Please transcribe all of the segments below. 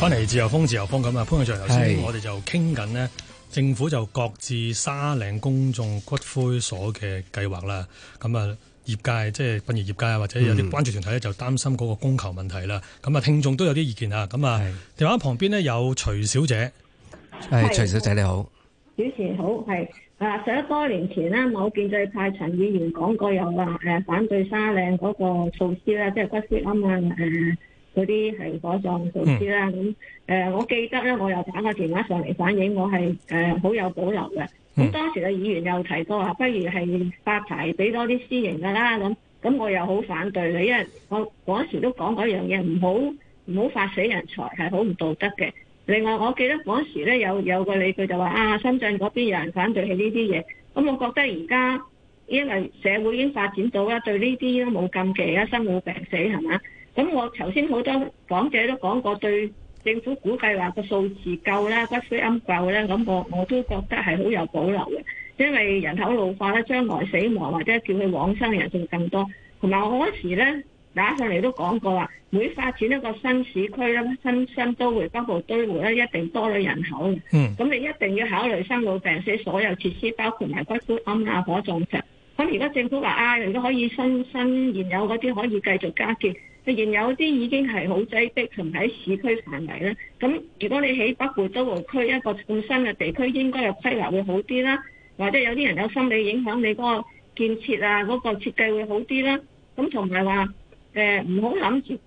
翻嚟自由風，自由風咁啊！潘永卓，頭先我哋就傾緊呢，政府就擱置沙嶺公眾骨灰所嘅計劃啦。咁啊，業界即係殯儀業界啊，或者有啲關注團體咧、嗯，就擔心嗰個供求問題啦。咁啊，聽眾都有啲意見啊。咁啊，電話旁邊呢，有徐小姐，係徐小姐你好，主持好係。啊，十一多年前呢，某建制派陳議員講過有，有話誒反對沙嶺嗰個措施咧，即係骨灰啊嘛誒。呃嗰啲係火葬措施啦，咁、嗯、誒、呃，我記得咧，我又打個電話上嚟反映，我係誒好有保留嘅。咁、嗯嗯、當時嘅議員又提過，不如係發牌俾多啲私營噶啦，咁咁我又好反對你，因為我嗰時都講嗰樣嘢，唔好唔好發死人財，係好唔道德嘅。另外，我記得嗰時咧有有個理據就話啊，深圳嗰邊有人反對起呢啲嘢，咁我覺得而家因為社會已經發展到啦，對呢啲都冇禁忌啦，生老病死係嘛？咁我頭先好多講者都講過，對政府估計話個數字夠啦，骨灰龕夠咧，咁我我都覺得係好有保留嘅，因為人口老化咧，將來死亡或者叫佢往生嘅人數更多。同埋我嗰時咧打上嚟都講過啦，每發展一個新市區、新新都會北部都會咧，一定多咗人口。嗯。咁你一定要考慮生老病死所有設施，包括埋骨灰龕啊、火葬場。咁而家政府話啊，你都可以新新現有嗰啲可以繼續加建。仍然有啲已經係好擠迫，同喺市區範圍咧。咁如果你喺北部都會區一個創新嘅地區，應該有規劃會好啲啦，或者有啲人有心理影響，你嗰個建設啊，嗰、嗰個設計會好啲啦。咁同埋話誒，唔好諗住。呃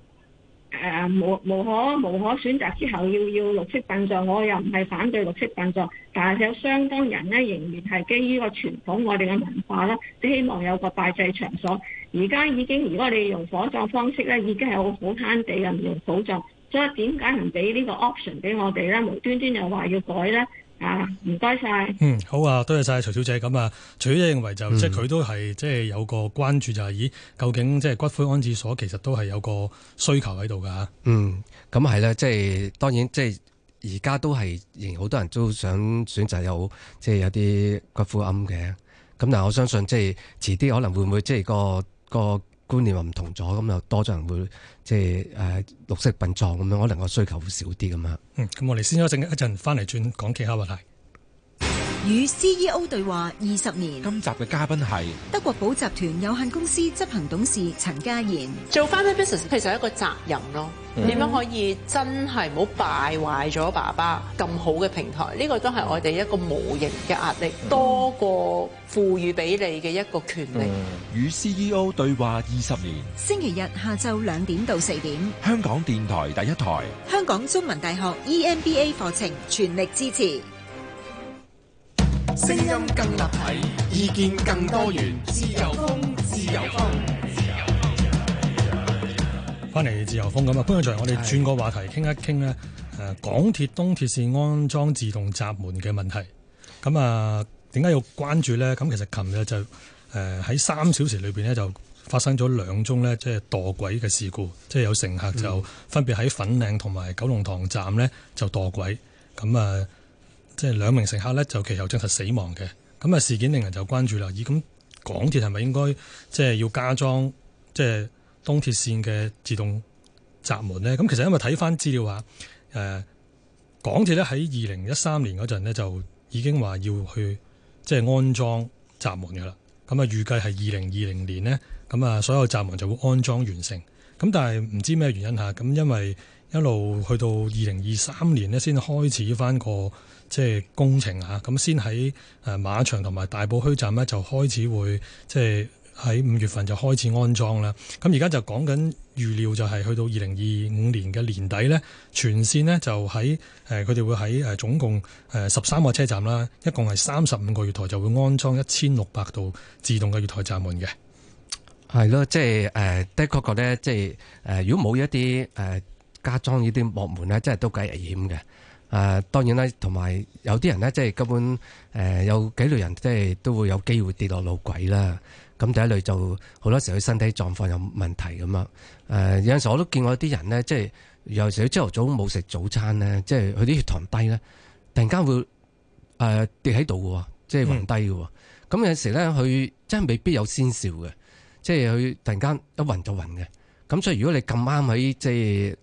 誒、呃、無，無可無可選擇之後要要綠色殯葬，我又唔係反對綠色殯葬，但係有相當人咧仍然係基於個傳統，我哋嘅文化啦，希望有個拜祭場所。而家已經，如果你用火葬方式咧，已經係好好慳地嘅唔用土葬，所以點解唔俾呢個 option 俾我哋咧？無端端又話要改咧？啊，唔該晒。嗯，好啊，多謝晒徐小姐。咁啊，徐小姐認為就即係佢都係即係有個關注、就是，就係咦，究竟即係骨灰安置所其實都係有個需求喺度噶？嗯，咁係呢，即係當然，即係而家都係仍然好多人都想選擇有即係有啲骨灰龕嘅。咁但係我相信，即係遲啲可能會唔會即係個個。個觀念話唔同咗，咁就多咗人會即係誒綠色殯葬咁樣，可能個需求會少啲咁樣。嗯，咁我哋先休息一陣，翻嚟轉講其他話題。與 CEO 對話二十年。今集嘅嘉賓係德國寶集團有限公司執行董事陳家賢。做 family business 其實係一個責任咯，點、嗯、樣可以真係唔好敗壞咗爸爸咁好嘅平台？呢、這個都係我哋一個無形嘅壓力，嗯、多過賦予俾你嘅一個權力。嗯、與 CEO 對話二十年。星期日下晝兩點到四點，香港電台第一台，香港中文大學 EMBA 課程全力支持。聲音更立體，意見更多元，自由風，自由風，自由風，翻嚟自由風咁啊！潘教授，我哋轉個話題，傾一傾咧。誒，港鐵東鐵綫安裝自動閘門嘅問題，咁啊，點解要關注呢？咁其實琴日就誒喺三小時裏邊呢，就發生咗兩宗呢，即係墮軌嘅事故，即係有乘客就分別喺粉嶺同埋九龍塘站呢，就墮軌，咁啊。即係兩名乘客咧，就其後證實死亡嘅。咁啊，事件令人就關注啦。咦？咁港鐵係咪應該即係要加裝即係東鐵線嘅自動閘門呢？咁其實因為睇翻資料話，誒、呃、港鐵咧喺二零一三年嗰陣咧就已經話要去即係安裝閘門噶啦。咁啊，預計係二零二零年呢，咁啊所有閘門就會安裝完成。咁但係唔知咩原因嚇？咁因為一路去到二零二三年呢，先開始翻個即係工程嚇，咁先喺誒馬場同埋大埔墟站呢，就開始會即係喺五月份就開始安裝啦。咁而家就講緊預料就係去到二零二五年嘅年底呢，全線呢就喺誒佢哋會喺誒總共誒十三個車站啦，一共係三十五個月台就會安裝一千六百度自動嘅月台閘門嘅。係咯，即係誒、呃、的確覺得，即係誒、呃、如果冇一啲誒。呃加裝呢啲幕門咧，真係都幾危險嘅。誒、呃，當然啦，同埋有啲人咧，即係根本誒、呃、有幾類人，即係都會有機會跌落路軌啦。咁第一類就好多時佢身體狀況有問題咁樣。誒、呃，有陣時我都見過啲人咧，即係有時佢朝頭早冇食早餐咧，即係佢啲血糖低咧，突然間會誒、呃、跌喺度嘅，即係暈低嘅。咁、嗯、有陣時咧，佢真係未必有先兆嘅，即係佢突然間一暈就暈嘅。咁所以如果你咁啱喺即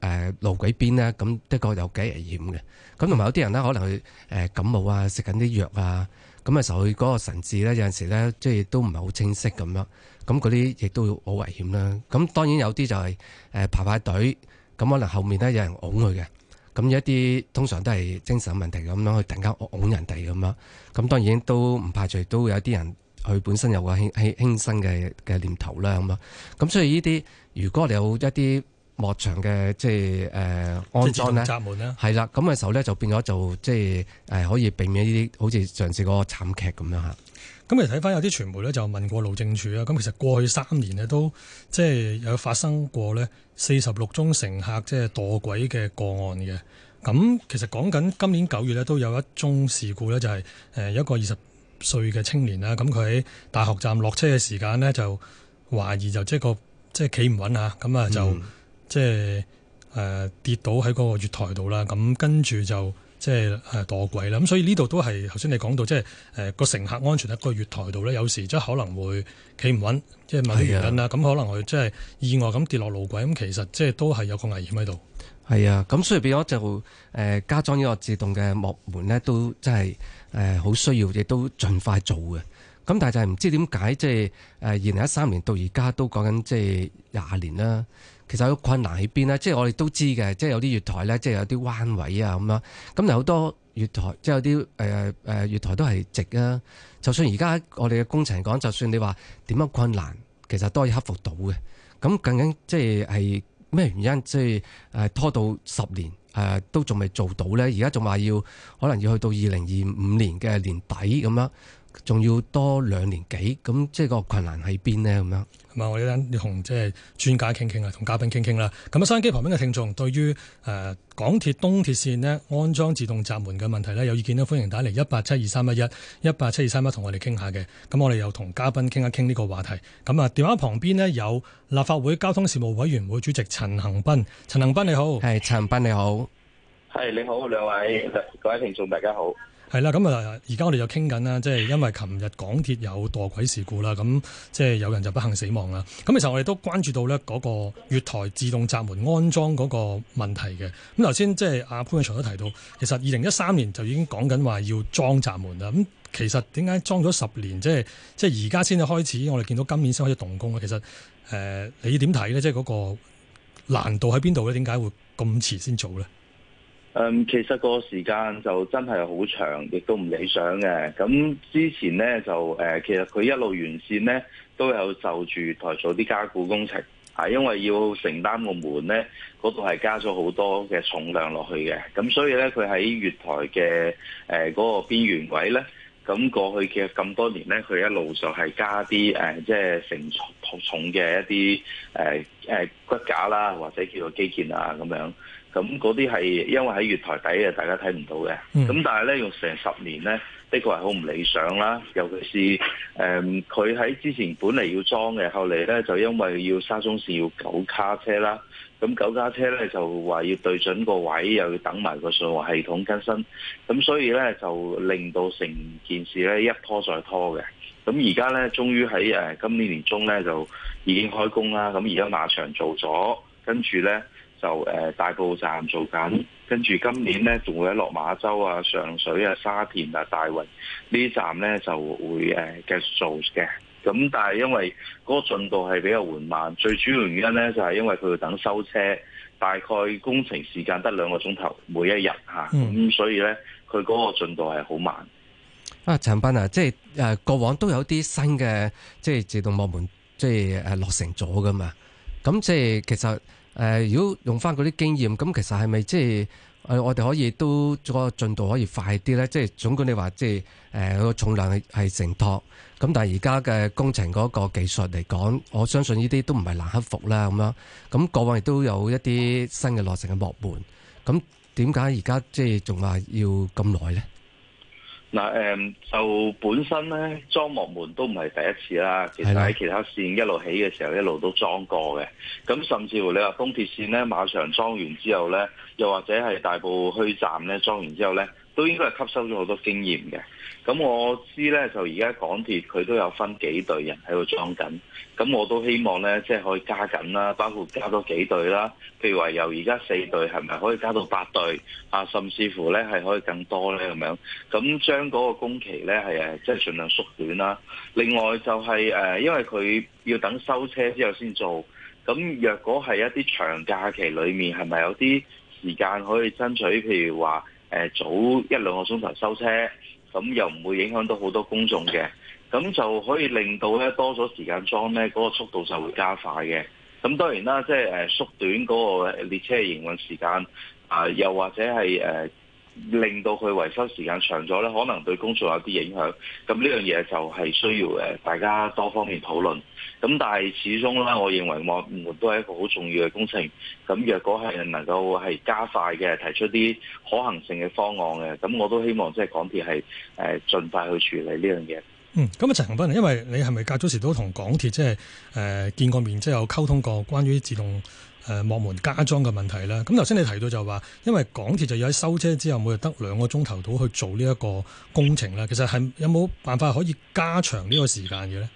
係路軌邊咧，咁的確有幾危險嘅。咁同埋有啲人咧，可能佢感冒啊，食緊啲藥啊，咁啊受佢嗰個神志咧，有陣時咧，即係都唔係好清晰咁樣，咁嗰啲亦都好危險啦。咁當然有啲就係誒排排隊，咁可能後面咧有人㧬佢嘅。咁有一啲通常都係精神問題咁樣去突然間㧬人哋咁樣，咁當然都唔排除都有啲人。佢本身有個輕輕輕生嘅嘅念頭啦，咁樣。咁所以呢啲如果你有一啲幕門嘅即係誒、呃、閘門啦，係啦，咁嘅時候咧就變咗就即係誒可以避免呢啲好似上次嗰個慘劇咁樣吓，咁你睇翻有啲傳媒咧就問過路政署啊，咁其實過去三年咧都即係有發生過咧四十六宗乘客即係墮軌嘅個案嘅。咁其實講緊今年九月咧都有一宗事故咧，就係誒一個二十。歲嘅青年啦，咁佢喺大學站落車嘅時間呢，就懷疑就即係個即係企唔穩吓，咁啊就即係誒跌倒喺嗰個月台度啦，咁跟住就即係誒墮軌啦。咁、就是啊、所以呢度都係頭先你講到，即係誒個乘客安全喺個月台度呢，有時即係可能會企唔穩，即、就、係、是、問原因啦。咁、啊、可能佢即係意外咁跌落路軌，咁其實即係都係有個危險喺度。係啊，咁所以變咗就誒、呃、加裝呢個自動嘅幕門呢，都真係。誒、呃，好需要亦都盡快做嘅。咁但係就係唔知點解、就係呃，即係誒二零一三年到而家都講緊即係廿年啦。其實有困難喺邊呢？即係我哋都知嘅，即係有啲月台咧，即係有啲彎位啊咁樣。咁有好多月台，即係有啲誒誒月台都係直啊。就算而家我哋嘅工程講，就算你話點樣困難，其實都可以克服到嘅。咁究竟即係係咩原因？即係誒、呃、拖到十年？誒都仲未做到呢，而家仲話要可能要去到二零二五年嘅年底咁樣，仲要多兩年幾，咁即係個困難喺邊呢？咁樣。唔係，我依家要同即係專家傾傾啦，同嘉賓傾傾啦。咁啊，收音機旁邊嘅聽眾對於誒港鐵東鐵線咧安裝自動閘門嘅問題咧有意見咧，歡迎打嚟一八七二三一一一八七二三一同我哋傾下嘅。咁我哋又同嘉賓傾一傾呢個話題。咁啊，電話旁邊咧有立法會交通事務委員會主席陳恒鑌。陳恒鑌你好，係陳恒鑌你好，係，你好，兩位，各位聽眾大家好。係啦，咁啊，而家我哋就傾緊啦，即係因為琴日港鐵有墮軌事故啦，咁即係有人就不幸死亡啦。咁其實我哋都關注到咧嗰個月台自動閘門安裝嗰個問題嘅。咁頭先即係阿潘永祥都提到，其實二零一三年就已經講緊話要裝閘門啦。咁其實點解裝咗十年，即係即係而家先開始？我哋見到今年先開始動工咧。其實誒，你點睇咧？即係嗰個難度喺邊度咧？點解會咁遲先做咧？嗯，其實個時間就真係好長，亦都唔理想嘅。咁之前咧就、呃、其實佢一路完善咧，都有就住月台做啲加固工程，啊，因為要承擔個門咧嗰度係加咗好多嘅重量落去嘅。咁所以咧，佢喺月台嘅嗰、呃那個邊緣位咧，咁過去其實咁多年咧，佢一路上係加啲即係承重嘅一啲誒、呃、骨架啦，或者叫做基建啊咁樣。咁嗰啲係因為喺月台底嘅，大家睇唔到嘅。咁、嗯、但係咧用成十年咧，的確係好唔理想啦。尤其是誒佢喺之前本嚟要裝嘅，後嚟咧就因為要沙中線要九卡車啦。咁九卡車咧就話要對準個位，又要等埋個信號系統更新。咁所以咧就令到成件事咧一拖再拖嘅。咁而家咧，終於喺誒今年年中咧就已經開工啦。咁而家馬場做咗，跟住咧，就大埔站做緊，跟住今年呢，仲會喺落馬洲啊、上水啊、沙田啊、大圍呢啲站呢，就會誒、啊、繼續做嘅。咁但係因為嗰個進度係比較緩慢，最主要原因呢，就係、是、因為佢要等收車，大概工程時間得兩個鐘頭每一日嚇，咁、嗯啊、所以呢，佢嗰個進度係好慢。啊，陳斌啊，即係誒、呃、過往都有啲新嘅即係自動幕門即係、呃、落成咗噶嘛，咁即係其實。呃、如果用翻嗰啲經驗，咁其實係咪即係、呃、我我哋可以都個進度可以快啲咧？即係總管你話即係誒個重量係係承托，咁但係而家嘅工程嗰個技術嚟講，我相信呢啲都唔係難克服啦。咁樣咁過去亦都有一啲新嘅落成嘅幕門，咁點解而家即係仲話要咁耐咧？嗱、嗯、就本身咧裝幕門都唔係第一次啦。其實喺其他線一路起嘅時候，一路都裝過嘅。咁甚至乎你話東鐵線咧，馬上裝完之後咧，又或者係大埔墟站咧裝完之後咧，都應該係吸收咗好多經驗嘅。咁我知呢，就而家港鐵佢都有分幾隊人喺度裝緊。咁我都希望呢，即係可以加緊啦，包括加多幾隊啦。譬如話由而家四隊，係咪可以加到八隊啊？甚至乎呢，係可以更多呢。咁樣。咁將嗰個工期呢，係即係盡量縮短啦。另外就係誒，因為佢要等收車之後先做。咁若果係一啲長假期裏面，係咪有啲時間可以爭取？譬如話誒，早一兩個鐘頭收車。咁又唔會影響到好多公眾嘅，咁就可以令到咧多咗時間裝咧，嗰個速度就會加快嘅。咁當然啦，即係誒縮短嗰個列車營運時間啊、呃，又或者係誒。呃令到佢維修時間長咗呢可能對工作有啲影響。咁呢樣嘢就係需要誒大家多方面討論。咁但係始終呢，我認為我們都係一個好重要嘅工程。咁若果係能夠係加快嘅，提出啲可行性嘅方案嘅，咁我都希望即係港鐵係誒盡快去處理呢樣嘢。嗯，咁啊陳恒鑌，因為你係咪較早時都同港鐵即係誒見過面，即係有溝通過關於自動誒幕門加裝嘅問題啦。咁頭先你提到就話，因為港鐵就要喺收車之後，每日得兩個鐘頭到去做呢一個工程咧，其實係有冇辦法可以加長呢個時間嘅呢？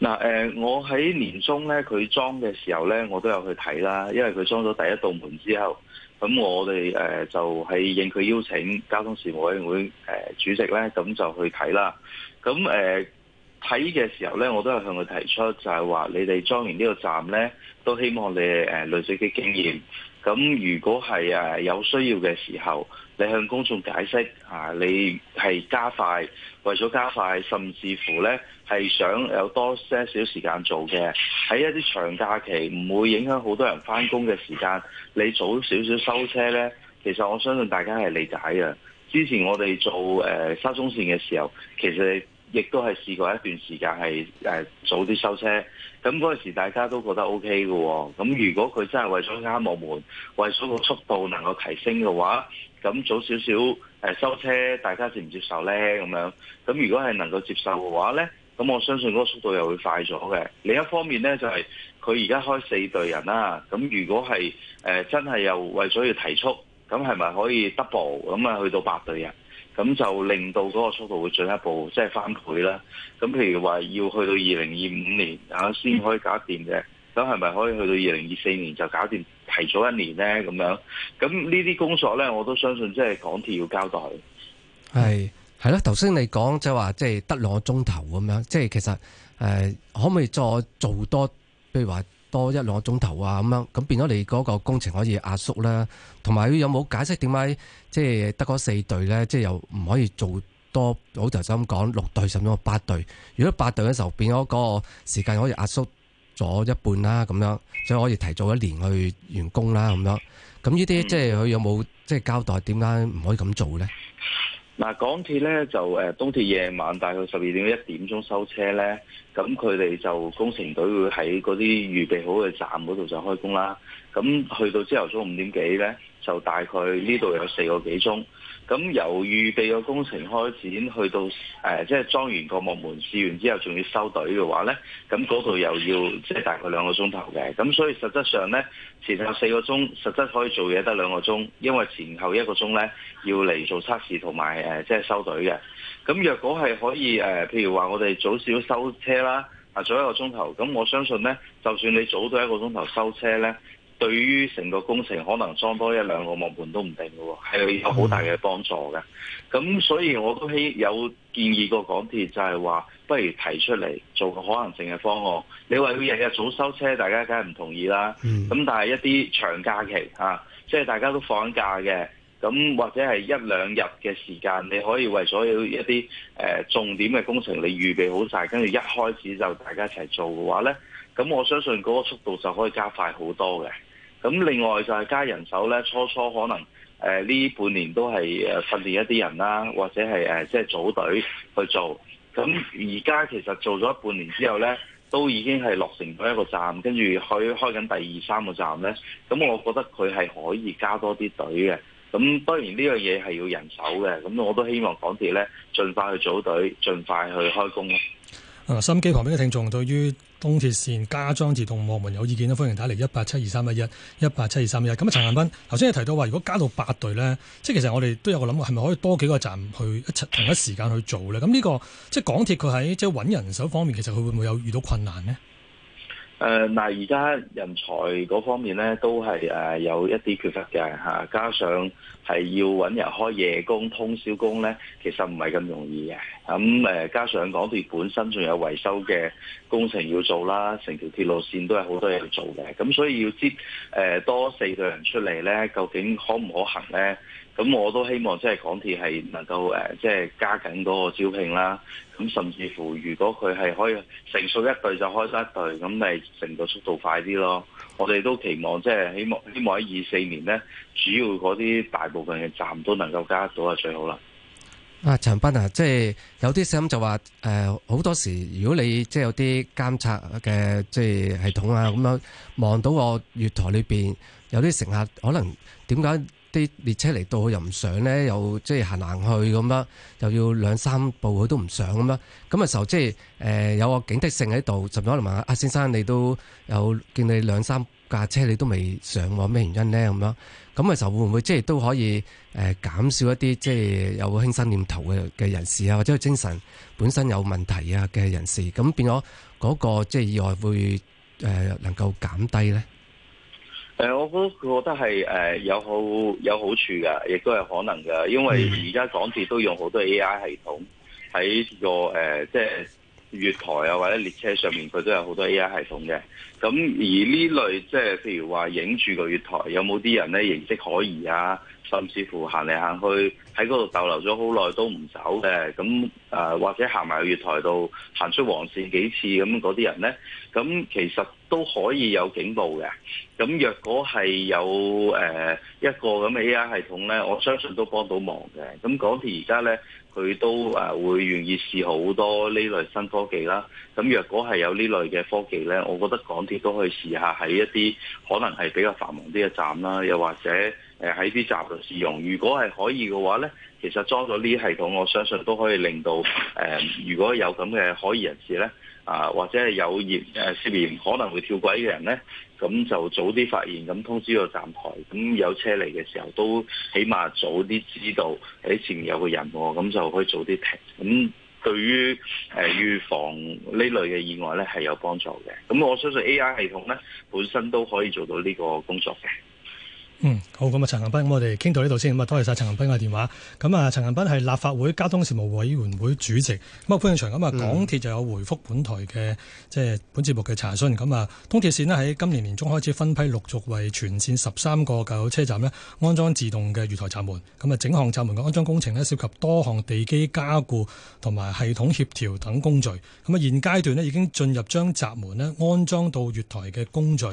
嗱，誒，我喺年中呢，佢裝嘅時候呢，我都有去睇啦，因為佢裝咗第一道門之後，咁我哋誒、呃、就係應佢邀請，交通事務委員會誒、呃、主席呢，咁就去睇啦，咁誒。呃睇嘅時候咧，我都係向佢提出就，就係話你哋裝完呢個站咧，都希望你哋類似嘅經驗。咁如果係有需要嘅時候，你向公眾解釋啊，你係加快，為咗加快，甚至乎咧係想有多些少時間做嘅，喺一啲長假期唔會影響好多人翻工嘅時間，你早少少收車咧，其實我相信大家係理解嘅。之前我哋做沙中線嘅時候，其實。亦都係試過一段時間係誒早啲收車，咁嗰陣時大家都覺得 OK 嘅。咁如果佢真係為咗啱我們，為咗個速度能夠提升嘅話，咁早少少誒收車，大家接唔接受呢？咁樣，咁如果係能夠接受嘅話呢，咁我相信嗰個速度又會快咗嘅。另一方面呢，就係佢而家開四隊人啦，咁如果係誒真係又為咗要提速，咁係咪可以 double 咁啊去到八隊人？咁就令到嗰個速度會進一步即係翻倍啦。咁譬如話要去到二零二五年啊先、嗯、可以搞掂嘅，咁係咪可以去到二零二四年就搞掂，提早一年呢？咁樣，咁呢啲工作呢，我都相信即係港鐵要交代。係係啦，頭先你講即係話即係得兩個鐘頭咁樣，即係其實、呃、可唔可以再做多，譬如話。多一兩個鐘頭啊，咁樣咁變咗你嗰個工程可以壓縮啦，同埋有冇解釋點解即係得嗰四隊呢，即係又唔可以做多？好頭先咁講六隊甚至乎八隊，如果八隊嘅時候變咗嗰個時間可以壓縮咗一半啦，咁樣就可以提早一年去完工啦，咁樣咁呢啲即係佢有冇即係交代點解唔可以咁做呢？嗱，港鐵咧就誒，東鐵夜晚大概十二點一點鐘收車咧，咁佢哋就工程隊會喺嗰啲預備好嘅站嗰度就開工啦。咁去到朝頭早五點幾咧，就大概呢度有四個幾鐘，咁由預備嘅工程開展去到誒即係裝完個幕門試完之後仲要收隊嘅話咧，咁嗰度又要即係、就是、大概兩個鐘頭嘅，咁所以實質上咧前後四個鐘實質可以做嘢得兩個鐘，因為前後一個鐘咧要嚟做測試同埋誒即係收隊嘅。咁若果係可以誒、呃、譬如話我哋早少收車啦，啊早一個鐘頭，咁我相信咧，就算你早到一個鐘頭收車咧。對於成個工程，可能裝多一兩個幕門都唔定嘅喎，係有好大嘅幫助嘅。咁、嗯、所以我都希有建議過港鐵，就係話不如提出嚟做個可能性嘅方案。你話要日日早收車，大家梗係唔同意啦。咁、嗯、但係一啲長假期啊，即、就、係、是、大家都放假嘅，咁或者係一兩日嘅時間，你可以為所有一啲、呃、重點嘅工程，你預備好晒。跟住一開始就大家一齊做嘅話呢，咁我相信嗰個速度就可以加快好多嘅。咁另外就係加人手咧，初初可能呢半年都係訓練一啲人啦，或者係即係組隊去做。咁而家其實做咗半年之後咧，都已經係落成咗一個站，跟住去開緊第二三個站咧。咁我覺得佢係可以加多啲隊嘅。咁當然呢樣嘢係要人手嘅。咁我都希望港鐵咧，盡快去組隊，盡快去開工。啊，心機旁邊嘅聽眾對於東鐵線加裝自動幕門有意見咧，歡迎打嚟一八七二三一一一八七二三一咁啊，187231, 187231。陳恒鑌頭先有提到話，如果加到八隊呢，即其實我哋都有個諗，係咪可以多幾個站去一齊同一時間去做呢？咁呢、呢個即係港鐵佢喺即係揾人手方面，其實佢會唔會有遇到困難呢？誒、呃，嗱而家，人才嗰方面咧，都係誒有一啲缺乏嘅吓、啊，加上係要搵人開夜工、通宵工咧，其實唔係咁容易嘅。咁、啊、誒，加上港鐵本身仲有維修嘅工程要做啦，成條鐵路線都係好多嘢要做嘅。咁所以要知誒、呃、多四對人出嚟咧，究竟可唔可行咧？咁我都希望即係港鐵係能夠誒，即係加緊嗰個招聘啦。咁甚至乎，如果佢係可以成熟一隊就開晒一隊，咁咪成個速度快啲咯。我哋都期望即係希望希望喺二四年咧，主要嗰啲大部分嘅站都能夠加得到啊，最好啦。啊，陳斌啊，即係有啲聲音就話誒，好、呃、多時如果你即係有啲監察嘅即係系統啊，咁樣望到我月台裏邊有啲乘客可能點解？啲列車嚟到又唔上咧，又即係行行去咁樣，又要兩三步佢都唔上咁樣。咁嘅時候即係誒有個警惕性喺度，甚至可能問下阿，先生你都有見你兩三架車你都未上喎，咩原因咧咁樣？咁嘅時候會唔會即係都可以誒減少一啲即係有輕生念頭嘅嘅人士啊，或者精神本身有問題啊嘅人士，咁變咗嗰個即係意外會誒能夠減低咧？誒，我都覺得係，誒有好有好處嘅，亦都係可能嘅，因為而家港鐵都用好多 AI 系統喺個誒，即、呃、係、就是、月台啊或者列車上面，佢都有好多 AI 系統嘅。咁而呢類即係、就是、譬如話影住個月台有冇啲人咧形跡可疑啊，甚至乎行嚟行去。喺嗰度逗留咗好耐都唔走嘅，咁誒、呃、或者行埋去月台度行出黃線幾次，咁嗰啲人咧，咁其實都可以有警報嘅。咁若果係有誒、呃、一個咁嘅 AI 系統咧，我相信都幫到忙嘅。咁港鐵而家咧佢都誒、呃、會願意試好多呢類新科技啦。咁若果係有呢類嘅科技咧，我覺得港鐵都可以試下喺一啲可能係比較繁忙啲嘅站啦，又或者。誒喺啲站度試用，如果係可以嘅話咧，其實裝咗呢啲系統，我相信都可以令到誒、呃，如果有咁嘅可疑人士咧，啊或者係有疑誒、啊、涉嫌可能會跳軌嘅人咧，咁就早啲發現，咁通知個站台，咁有車嚟嘅時候都起碼早啲知道喺前面有個人，咁就可以早啲停。咁對於誒、呃、預防呢類嘅意外咧係有幫助嘅。咁我相信 AI 系統咧本身都可以做到呢個工作嘅。嗯，好，咁啊，陳恒鑌，咁我哋傾到呢度先，咁啊，多謝晒陳恒鑌嘅電話。咁啊，陳恒鑌係立法會交通事務委員會主席。咁啊，潘永祥，咁啊，港鐵就有回覆本台嘅即係本節目嘅查詢。咁啊，東鐵綫呢喺今年年中開始分批陸續為全綫十三個舊車站呢安裝自動嘅月台閘門。咁啊，整項閘門嘅安裝工程呢涉及多項地基加固同埋系統協調等工序。咁啊，現階段呢已經進入將閘門呢安裝到月台嘅工序。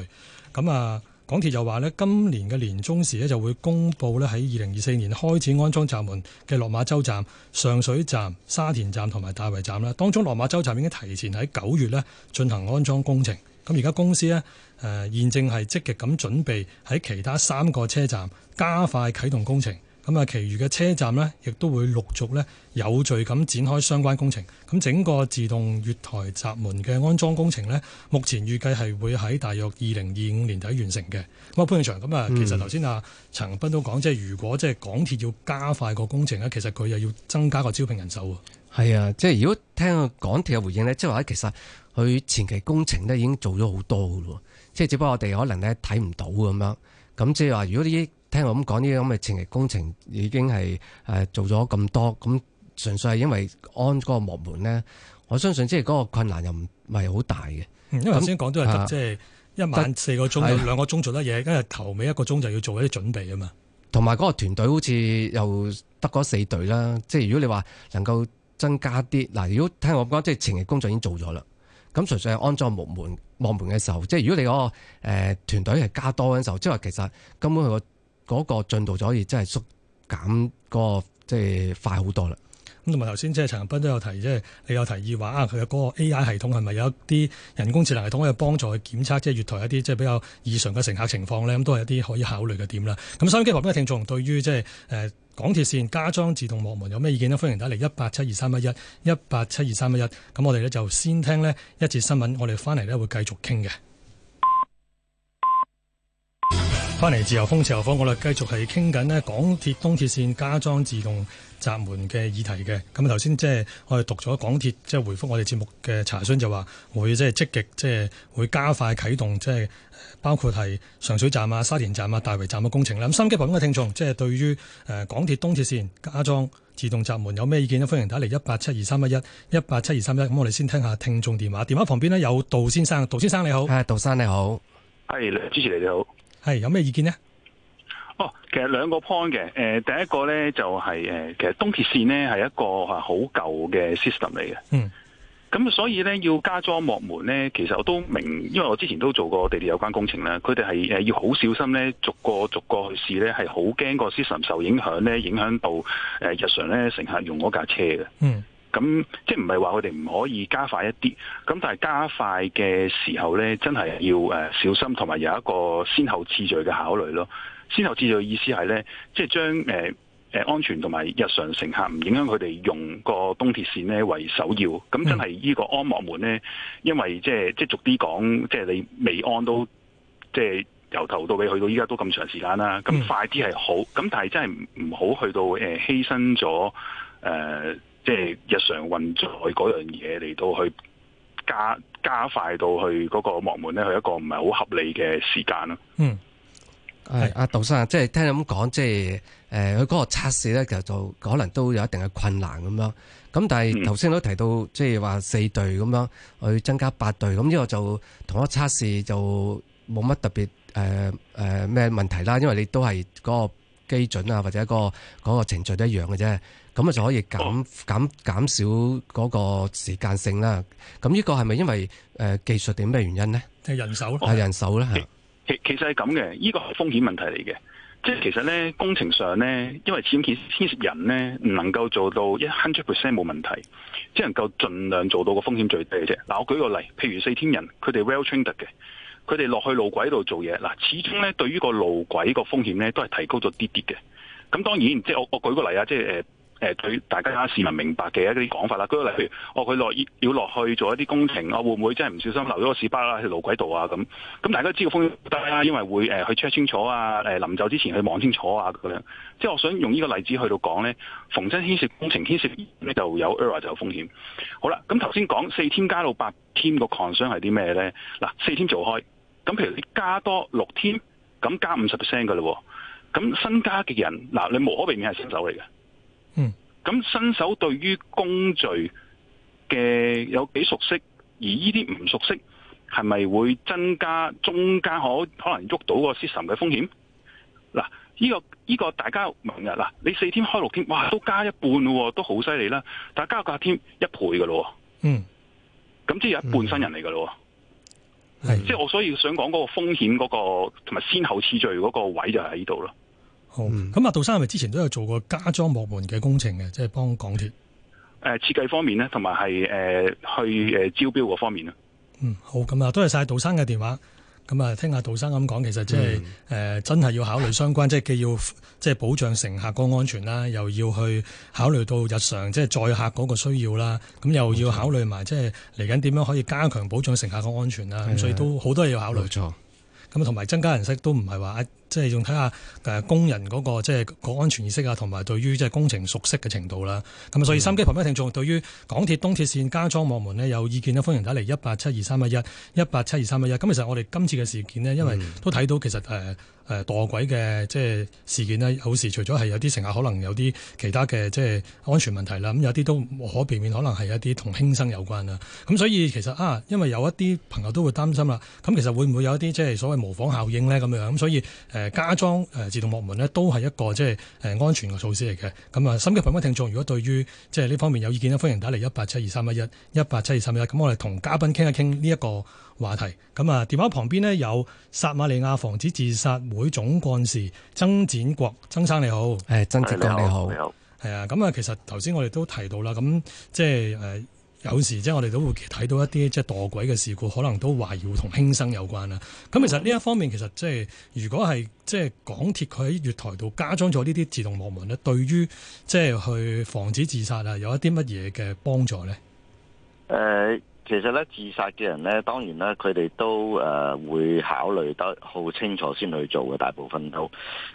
咁啊。港鐵就話咧，今年嘅年中時咧就會公布咧，喺二零二四年開始安裝幕門嘅落馬洲站、上水站、沙田站同埋大圍站啦。當中落馬洲站已經提前喺九月咧進行安裝工程。咁而家公司咧誒，現正係積極咁準備喺其他三個車站加快啟動工程。咁啊，其餘嘅車站呢，亦都會陸續呢，有序咁展開相關工程。咁整個自動月台閘門嘅安裝工程呢，目前預計係會喺大約二零二五年底完成嘅。咁啊，潘永祥，咁啊，其實頭先啊，陳斌都講，即係如果即係港鐵要加快個工程呢，其實佢又要增加個招聘人手喎。係啊，即係如果聽港鐵嘅回應呢，即係話其實佢前期工程呢已經做咗好多嘅，即係只不過我哋可能呢睇唔到咁樣。咁即係話，如果呢啲聽我咁講，呢啲咁嘅前期工程已經係誒做咗咁多，咁純粹係因為安嗰個幕門咧，我相信即係嗰個困難又唔係係好大嘅，呃。因為頭先講都係得即係一晚四個鐘，兩個鐘做得嘢，跟住頭尾一個鐘就要做一啲準備啊嘛。同埋嗰個團隊好似又得嗰四隊啦，即係如果你話能夠增加啲嗱，如果聽我咁講，即、就、係、是、前期工作已經做咗啦，咁純粹係安裝幕門幕門嘅時候，即係如果你嗰、那個誒團隊係加多嘅時候，即係話其實根本個。嗰、那個進度就可以真係縮減嗰、那個即係、就是、快好多啦。咁同埋頭先即係陳恒鑌都有提議，即係你有提議話啊，佢嘅個 AI 系統係咪有一啲人工智能系統可以幫助去檢測即係、就是、月台一啲即係比較異常嘅乘客情況呢？咁都係一啲可以考慮嘅點啦。咁收音機旁邊嘅聽眾對於即係誒港鐵線加裝自動幕門有咩意見呢？歡迎打嚟一八七二三一一一八七二三一一。咁我哋咧就先聽呢一節新聞，我哋翻嚟咧會繼續傾嘅。翻嚟自由風，自由風，我哋繼續係傾緊呢，港鐵東鐵線加裝自動閘門嘅議題嘅。咁頭先即係我哋讀咗港鐵即係回覆我哋節目嘅查詢，就話會即係積極即係會加快啟動，即係包括係上水站啊、沙田站啊、大圍站嘅工程。咁心機旁嘅聽眾，即係對於誒港鐵東鐵線加裝自動閘門有咩意見呢？歡迎打嚟一八七二三一一一八七二三一。咁我哋先聽下聽，聽眾電話。電話旁邊呢有杜先生，杜先生你好，係杜先生你好，係、哎、主持人你，你好。係有咩意見呢？哦，其實兩個 point 嘅，誒、呃，第一個呢，就係、是、誒、呃，其實東鐵線呢，係一個吓好舊嘅 system 嚟嘅，嗯，咁所以呢，要加裝幕門呢，其實我都明，因為我之前都做過地鐵有關工程啦，佢哋係誒要好小心呢，逐個逐個去試呢，係好驚個 system 受影響呢，影響到誒、呃、日常呢，乘客用嗰架車嘅，嗯。咁即係唔係話佢哋唔可以加快一啲？咁但係加快嘅時候呢，真係要、呃、小心，同埋有一個先後次序嘅考慮咯。先後次序嘅意思係呢，即係將、呃、安全同埋日常乘客唔影響佢哋用個東鐵線呢為首要。咁真係呢個安幕門呢，因為即係即係逐啲講，即係你未安都即係由頭到尾去到依家都咁長時間啦。咁快啲係好，咁但係真係唔好去到、呃、犧牲咗誒。呃即係日常運作嗰樣嘢，嚟到去加加快到去嗰個幕門咧，係一個唔係好合理嘅時間咯。嗯，係阿杜生，即係聽你咁講，即係誒，佢、呃、嗰、嗰個測試咧，其實就可能都有一定嘅困難咁樣。咁但係頭先都提到，嗯、即係話四隊咁樣去增加八隊，咁之後就同一個測試就冇乜特別誒誒咩問題啦。因為你都係嗰個基準啊，或者、嗰個嗰、嗰個程序都一樣嘅啫。咁啊就可以減、oh. 減減少嗰個時間性啦。咁呢個係咪因為誒、呃、技術定咩原因咧？係人手係係、oh. 人手咧？係其其，其實係咁嘅，呢個風險問題嚟嘅。即、就、係、是、其實咧工程上咧，因為始終牽涉人咧，唔能夠做到一 hundred percent 冇問題，只能夠盡量做到個風險最低啫。嗱，我舉個例，譬如四千人，佢哋 well trained 嘅，佢哋落去路軌度做嘢。嗱，始終咧對於個路軌個風險咧都係提高咗啲啲嘅。咁當然即係、就是、我我舉個例啊，即、就、係、是誒、呃、對大家市民明白嘅一啲講法啦，嗰個例如我佢落要落去做一啲工程，我會唔會真係唔小心留咗個屎巴啦去路軌道啊咁？咁大家都知道風險啦，因為會去 check 清楚啊，臨、呃、走之前去望清楚啊咁樣。即係我想用呢個例子去到講咧，逢親牽涉工程牽涉呢，就有 error 就有風險。好啦，咁頭先講四天加到八天個 concern 係啲咩咧？嗱、喔，四天做開，咁譬如你加多六天，咁加五十 percent 嘅嘞喎，咁新加嘅人嗱，你無可避免係新手嚟嘅。嗯，咁新手對於工序嘅有幾熟悉，而呢啲唔熟悉，係咪會增加中間可可能喐到個 system 嘅風險？嗱，呢個呢個大家明日，嗱，你四天開六天，哇，都加一半咯，都好犀利啦。但係加個價添一倍噶咯，嗯，咁即係有一半新人嚟噶咯，係、嗯，即係我所以想講嗰個風險嗰個同埋先後次序嗰個位就喺度咯。咁啊，那杜生係咪之前都有做過加裝幕門嘅工程嘅，即係幫港鐵？誒、呃，設計方面呢，同埋係誒去誒招標嗰方面咧。嗯，好，咁啊，多謝晒杜生嘅電話。咁啊，聽下杜生咁講，其實即係誒真係要考慮相關，即係既要即係保障乘客個安全啦，又要去考慮到日常即係載客嗰個需要啦。咁又要考慮埋即係嚟緊點樣可以加強保障乘客嘅安全啦。咁所以都好多嘢要考慮。錯。咁同埋增加人識都唔係話。即係仲睇下工人嗰個即係個安全意識啊，同埋對於即係工程熟悉嘅程度啦。咁、嗯、所以心機派咪聽眾對於港鐵東鐵線加裝幕門呢，有意見呢，歡迎打嚟一八七二三一一八七二三一一。咁其實我哋今次嘅事件呢，因為都睇到其實誒誒墮軌嘅即係事件呢，有、嗯、時除咗係有啲乘客可能有啲其他嘅即係安全問題啦，咁有啲都不可避免，可能係一啲同輕生有關啦。咁所以其實啊，因為有一啲朋友都會擔心啦，咁其實會唔會有一啲即係所謂模仿效應呢？咁樣咁？所以誒加裝誒自動幕門咧，都係一個即係誒安全嘅措施嚟嘅。咁啊，心急朋友聽眾，如果對於即係呢方面有意見咧，歡迎打嚟一八七二三一一一八七二三一一。咁我哋同嘉賓傾一傾呢一個話題。咁啊，電話旁邊咧有撒瑪利亞防止自殺會總幹事曾展國，曾生你好。誒，曾展國你好。係啊，咁啊，其實頭先我哋都提到啦，咁即係誒。有時即係我哋都會睇到一啲即係墮軌嘅事故，可能都懷疑同輕生有關啦。咁其實呢一方面，其實即係如果係即係港鐵佢喺月台度加裝咗呢啲自動幕門咧，對於即係去防止自殺啊，有一啲乜嘢嘅幫助咧？誒、哎。其實咧，自殺嘅人咧，當然呢，佢哋都誒會考慮得好清楚先去做嘅，大部分都。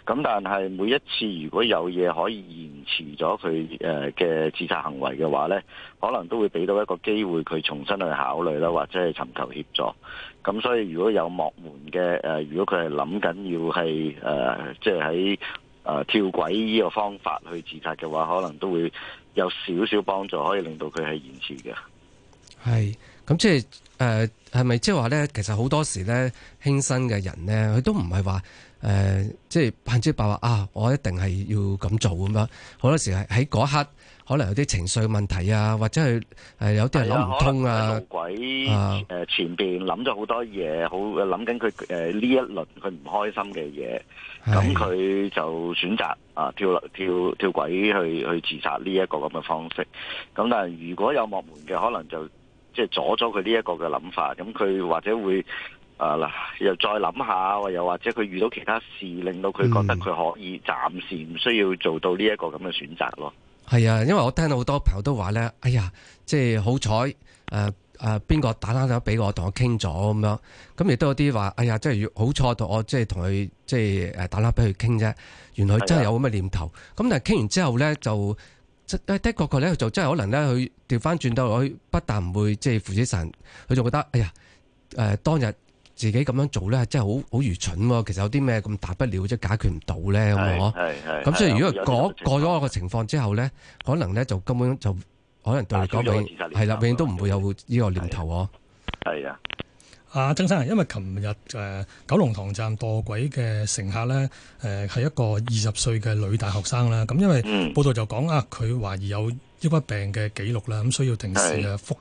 咁但係每一次如果有嘢可以延遲咗佢誒嘅自殺行為嘅話咧，可能都會俾到一個機會佢重新去考慮啦，或者係尋求協助。咁所以如果有幕門嘅誒，如果佢係諗緊要係誒，即係喺誒跳軌依個方法去自殺嘅話，可能都會有少少幫助，可以令到佢係延遲嘅。係，咁即係誒，係咪即係話咧？其實好多時咧，輕生嘅人咧，佢都唔係話誒，即係百分之百話啊！我一定係要咁做咁樣。好多時係喺嗰一刻，可能有啲情緒問題啊，或者係誒、呃、有啲人諗唔通啊，軌誒、啊呃、前邊諗咗好多嘢，好諗緊佢誒呢一輪佢唔開心嘅嘢，咁佢就選擇啊跳樓、跳跳，跳軌去去自殺呢一個咁嘅方式。咁但係如果有幕門嘅，可能就。即係阻咗佢呢一個嘅諗法，咁佢或者會啊嗱、呃，又再諗下，又或者佢遇到其他事，令到佢覺得佢可以暫時唔需要做到呢一個咁嘅選擇咯。係、嗯、啊，因為我聽到好多朋友都話咧，哎呀，即係好彩誒誒，邊、呃、個、呃、打拉手俾我同我傾咗咁樣，咁亦都有啲話，哎呀，即係好彩同我即係同佢即係誒打拉俾佢傾啫，原來真係有咁嘅念頭。咁、啊、但係傾完之後咧就。的確確的確確咧，就真係可能咧，佢調翻轉頭，佢不但唔會即係負起神，佢仲覺得，哎呀，誒、呃，當日自己咁樣做咧，真係好好愚蠢喎、哦。其實有啲咩咁大不了即解決唔到咧，咁咁所以如果佢過咗我個情況之後咧，可能咧就根本就可能對你講、啊、明係啦，永遠都唔會有呢個念頭哦。係啊。啊，曾生，因為琴日誒九龍塘站墮軌嘅乘客咧，誒、呃、係一個二十歲嘅女大學生啦。咁因為報道就講、嗯、啊，佢懷疑有抑鬱病嘅記錄啦，咁需要定時嘅復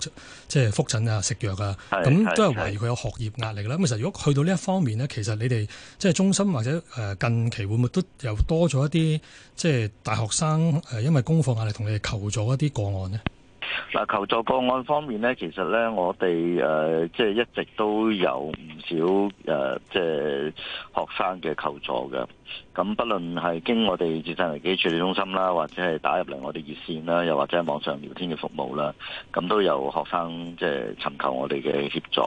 即係復診啊、食藥啊，咁、啊、都係懷疑佢有學業壓力啦。咁其實如果去到呢一方面咧，其實你哋即係中心或者誒近期會唔會都又多咗一啲即係大學生誒因為功課壓力同你哋求助一啲個案呢？嗱，求助個案方面咧，其實咧我哋誒即係一直都有唔少誒即係學生嘅求助嘅，咁不論係經我哋自殺危機處理中心啦，或者係打入嚟我哋熱線啦，又或者係網上聊天嘅服務啦，咁都有學生即係尋求我哋嘅協助。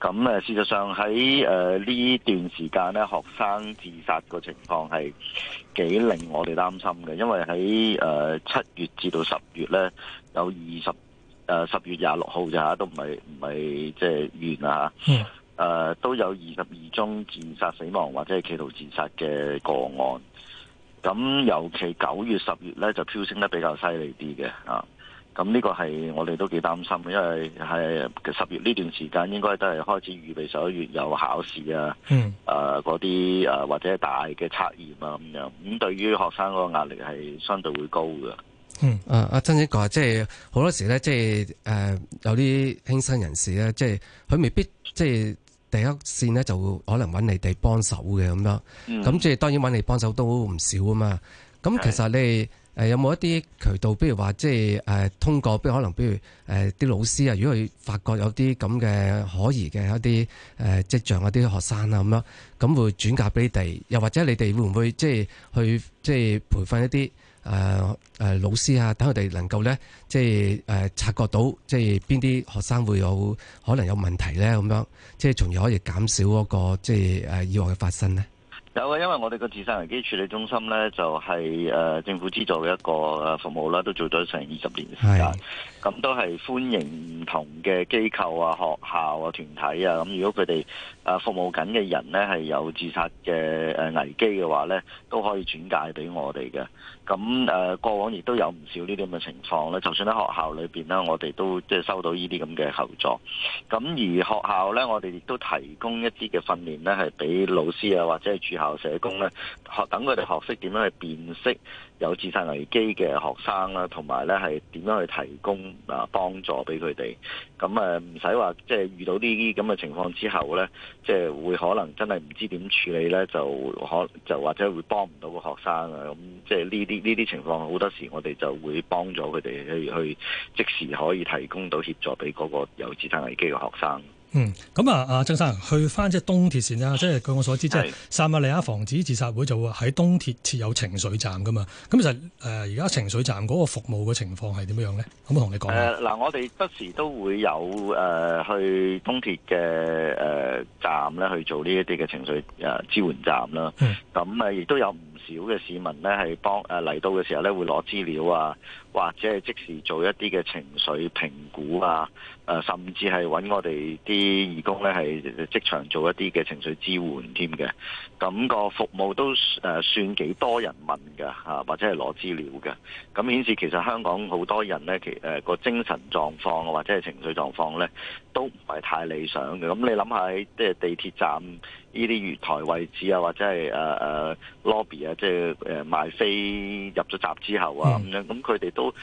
咁事實上喺誒呢段時間咧，學生自殺個情況係幾令我哋擔心嘅，因為喺誒七月至到十月咧，有二十誒十月廿六號就嚇都唔係唔係即係完啊嚇，都，、就是 yeah. 都有二十二宗自殺死亡或者係企圖自殺嘅個案。咁尤其九月、十月咧就飆升得比較犀利啲嘅啊。咁、這、呢個係我哋都幾擔心，因為係十月呢段時間應該都係開始預備十一月有考試啊，誒嗰啲誒或者大嘅測驗啊咁樣。咁對於學生嗰個壓力係相對會高嘅。嗯，啊阿曾展國話即係好多時咧，即係誒、呃、有啲輕生人士咧，即係佢未必即係第一線呢，就可能揾你哋幫手嘅咁樣。咁、嗯、即係當然揾你幫手都唔少啊嘛。咁其實你～誒有冇一啲渠道，比如話，即係誒通過，譬如可能，比如誒啲老師啊，如果佢發覺有啲咁嘅可疑嘅一啲誒跡象，一啲學生啊咁樣，咁會轉嫁俾你哋，又或者你哋會唔會即係去即係培訓一啲誒誒老師啊，等佢哋能夠咧，即係誒察覺到，即係邊啲學生會有可能有問題咧、啊，咁樣，即係從而可以減少嗰個即係誒意外嘅發生咧？有啊，因為我哋個自殺危機處理中心咧，就係誒政府資助嘅一個誒服務啦，都做咗成二十年嘅時間。咁都係歡迎唔同嘅機構啊、學校啊、團體啊。咁如果佢哋啊服務緊嘅人呢，係有自殺嘅危機嘅話呢，都可以轉介俾我哋嘅。咁誒、呃、過往亦都有唔少呢啲咁嘅情況咧。就算喺學校裏面呢，我哋都即係、就是、收到呢啲咁嘅求助。咁而學校呢，我哋亦都提供一啲嘅訓練呢，係俾老師啊或者係駐校社工呢，等佢哋學識點樣去辨識有自殺危機嘅學生啦，同埋咧係點樣去提供啊幫助俾佢哋。咁誒唔使話，即係遇到呢啲咁嘅情況之後咧，即係會可能真係唔知點處理咧，就可就或者會幫唔到個學生啊。咁即係呢啲呢啲情況，好多時我哋就會幫咗佢哋去去即時可以提供到協助俾嗰個有自殺危機嘅學生。嗯，咁、嗯、啊，阿曾生去翻即係東鐵線啦，即係據我所知，即係撒瑪利亞防止自殺會就會喺東鐵設有情緒站噶嘛，咁、嗯、其實誒而家情緒站嗰個服務嘅情況係點樣咧？可唔可以同你講誒，嗱、呃呃，我哋不時都會有誒、呃、去東鐵嘅誒站咧去做呢一啲嘅情緒誒、呃、支援站啦，咁啊亦都有唔少嘅市民咧係幫誒嚟到嘅時候咧會攞資料啊，或者係即時做一啲嘅情緒評估啊。誒，甚至係揾我哋啲義工咧，係即場做一啲嘅情緒支援添嘅。咁、個服務都算、呃、算幾多人問㗎、啊、或者係攞資料嘅。咁顯示其實香港好多人咧，其誒個、呃、精神狀況或者係情緒狀況咧，都唔係太理想嘅。咁你諗下，喺即係地鐵站呢啲月台位置啊，或者係誒誒 lobby 啊，即係誒買飛入咗閘之後啊，咁、嗯、樣，咁佢哋都。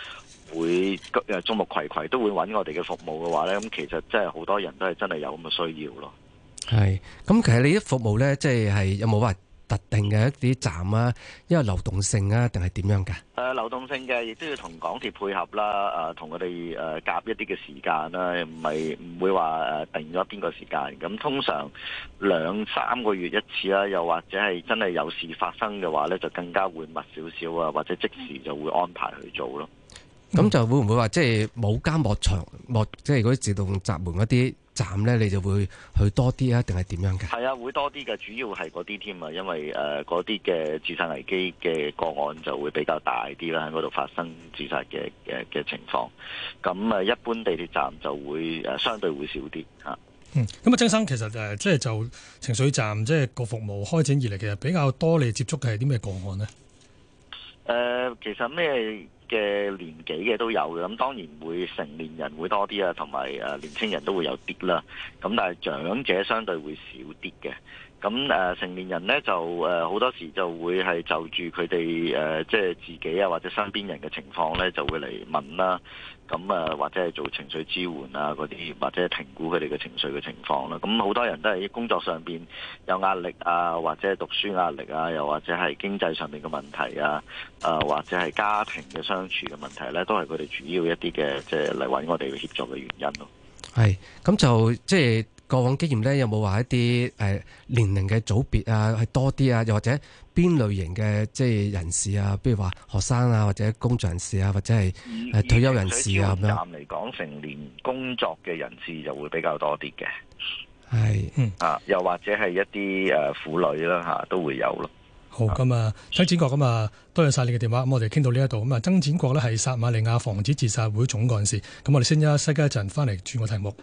會誒，眾目睽睽都會揾我哋嘅服務嘅話咧，咁其實真係好多人都係真係有咁嘅需要咯。係，咁其實你啲服務咧，即係係有冇話特定嘅一啲站啊，因為流動性啊，定係點樣噶？誒、啊，流動性嘅，亦都要同港鐵配合啦，誒、啊，同佢哋誒夾一啲嘅時間啦、啊，唔係唔會話誒、啊、定咗邊個時間。咁通常兩三個月一次啦、啊，又或者係真係有事發生嘅話咧，就更加會密少少啊，或者即時就會安排去做咯。咁、嗯、就會唔會話即係冇間幕牆幕，即係嗰啲自動閘門嗰啲站咧，你就會去多啲啊？定係點樣嘅？係啊，會多啲嘅，主要係嗰啲添啊，因為誒嗰啲嘅自殺危機嘅個案就會比較大啲啦，喺嗰度發生自殺嘅嘅嘅情況。咁誒，一般地鐵站就會誒、呃、相對會少啲嚇、啊。嗯，咁啊，曾生其實誒即係就係就係、情緒站即係個服務開展以嚟，其實比較多你接觸嘅係啲咩個案呢？誒、呃，其實咩？嘅年紀嘅都有嘅，咁當然會成年人會多啲啊，同埋誒年輕人都會有啲啦，咁但係長者相對會少啲嘅。咁誒、呃、成年人咧就誒好、呃、多時就會係就住佢哋誒即係自己啊或者身邊人嘅情況咧就會嚟問啦，咁啊或者係做情緒支援啊嗰啲，或者係評估佢哋嘅情緒嘅情況啦。咁、啊、好多人都係工作上面有壓力啊，或者係讀書壓力啊，又或者係經濟上面嘅問題啊，啊或者係家庭嘅相處嘅問題咧，都係佢哋主要一啲嘅即係嚟搵我哋嘅協助嘅原因咯。係，咁就即係。過往經驗咧，有冇話一啲誒年齡嘅組別啊，係多啲啊？又或者邊類型嘅即係人士啊？比如話學生啊，或者工作人士啊，或者係誒退休人士啊咁樣嚟講，成年工作嘅人士就會比較多啲嘅。係，啊、嗯，又或者係一啲誒婦女啦吓，都會有咯。好，咁啊、嗯，曾展國，咁啊，多謝晒你嘅電話。咁我哋傾到呢一度咁啊，曾展國咧係撒瑪利亞防止自殺會總幹事。咁我哋先休息一陣，翻嚟轉個題目。